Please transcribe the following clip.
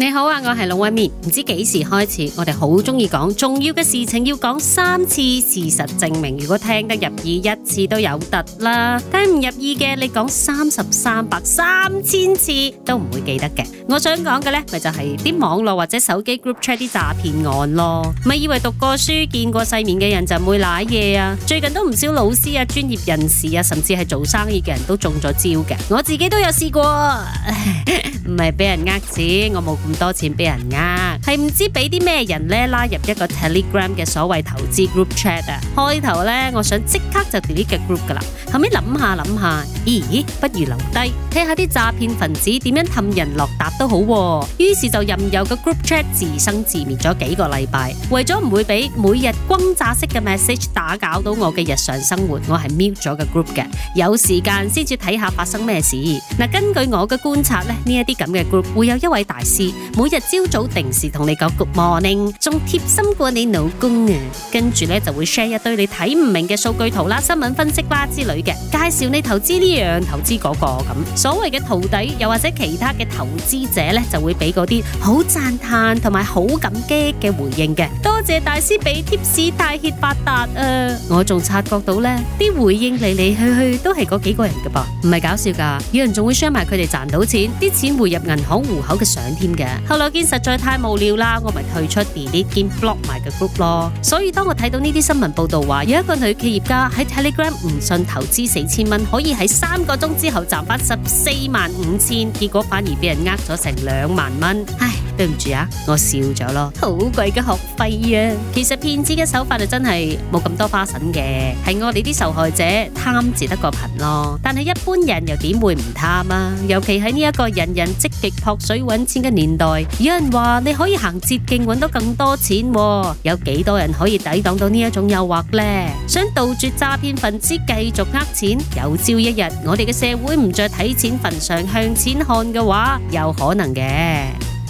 你好啊，我係龍紋敏，唔知幾時開始，我哋好中意講重要嘅事情要講三次，事實證明，如果聽得入耳一次都有得啦，聽唔入耳嘅，你講三十三百三千次都唔會記得嘅。我想講嘅咧，咪就係、是、啲網絡或者手機 group chat 啲詐騙案咯，咪以為讀過書、見過世面嘅人就唔會賴嘢啊。最近都唔少老師啊、專業人士啊，甚至係做生意嘅人都中咗招嘅，我自己都有試過，唔係俾人呃錢，我冇。咁多錢俾人呃，係唔知俾啲咩人咧，拉入一個 Telegram 嘅所謂投資 Group Chat 啊！開頭咧，我想即刻就 delete 嘅 group 噶啦，後尾諗下諗下，咦，不如留低，睇下啲詐騙分子點樣氹人落搭都好，啊。於是就任由個 Group Chat 自生自滅咗幾個禮拜，為咗唔會俾每日轟炸式嘅 message 打攪到我嘅日常生活，我係 mute 咗個 group 嘅，有時間先至睇下發生咩事。嗱，啊，根據我嘅觀察咧，呢一啲咁嘅 group 會有一位大師。每日朝早定時同你講 Good morning，仲貼心過你老公啊！跟住呢，就會 share 一堆你睇唔明嘅數據圖啦、新聞分析啦、啊、之類嘅，介紹你投資呢樣、投資嗰、嗰個咁。所謂嘅徒弟又或者其他嘅投資者呢，就會俾嗰啲好讚嘆同埋好感激嘅回應嘅。多謝大師俾貼士大揭發達啊！我仲察覺到呢啲回應嚟嚟去去都係嗰幾個人噶噃，唔係搞笑噶，有人仲會 share 埋佢哋賺到錢啲錢匯入銀行戶口嘅相添嘅。後來見實在太無聊啦，我咪退出 delete 兼 block 埋個 group 咯。所以當我睇到呢啲新聞報道話，有一個女企業家喺 Telegram 唔信投資四千蚊，可以喺三個鐘之後賺翻十四萬五千，結果反而俾人呃咗成兩萬蚊，唉。對唔住啊，我笑咗咯。好貴嘅學費啊！其實騙子嘅手法就真係冇咁多花臣嘅，係我哋啲受害者貪字得個貧咯。但係一般人又點會唔貪啊？尤其喺呢一個人人積極撲水揾錢嘅年代，有人話你可以行捷徑揾到更多錢，有幾多人可以抵擋到呢一種誘惑呢？想杜絕詐騙分子繼續呃錢，有朝一日我哋嘅社會唔再睇錢份上向錢看嘅話，有可能嘅。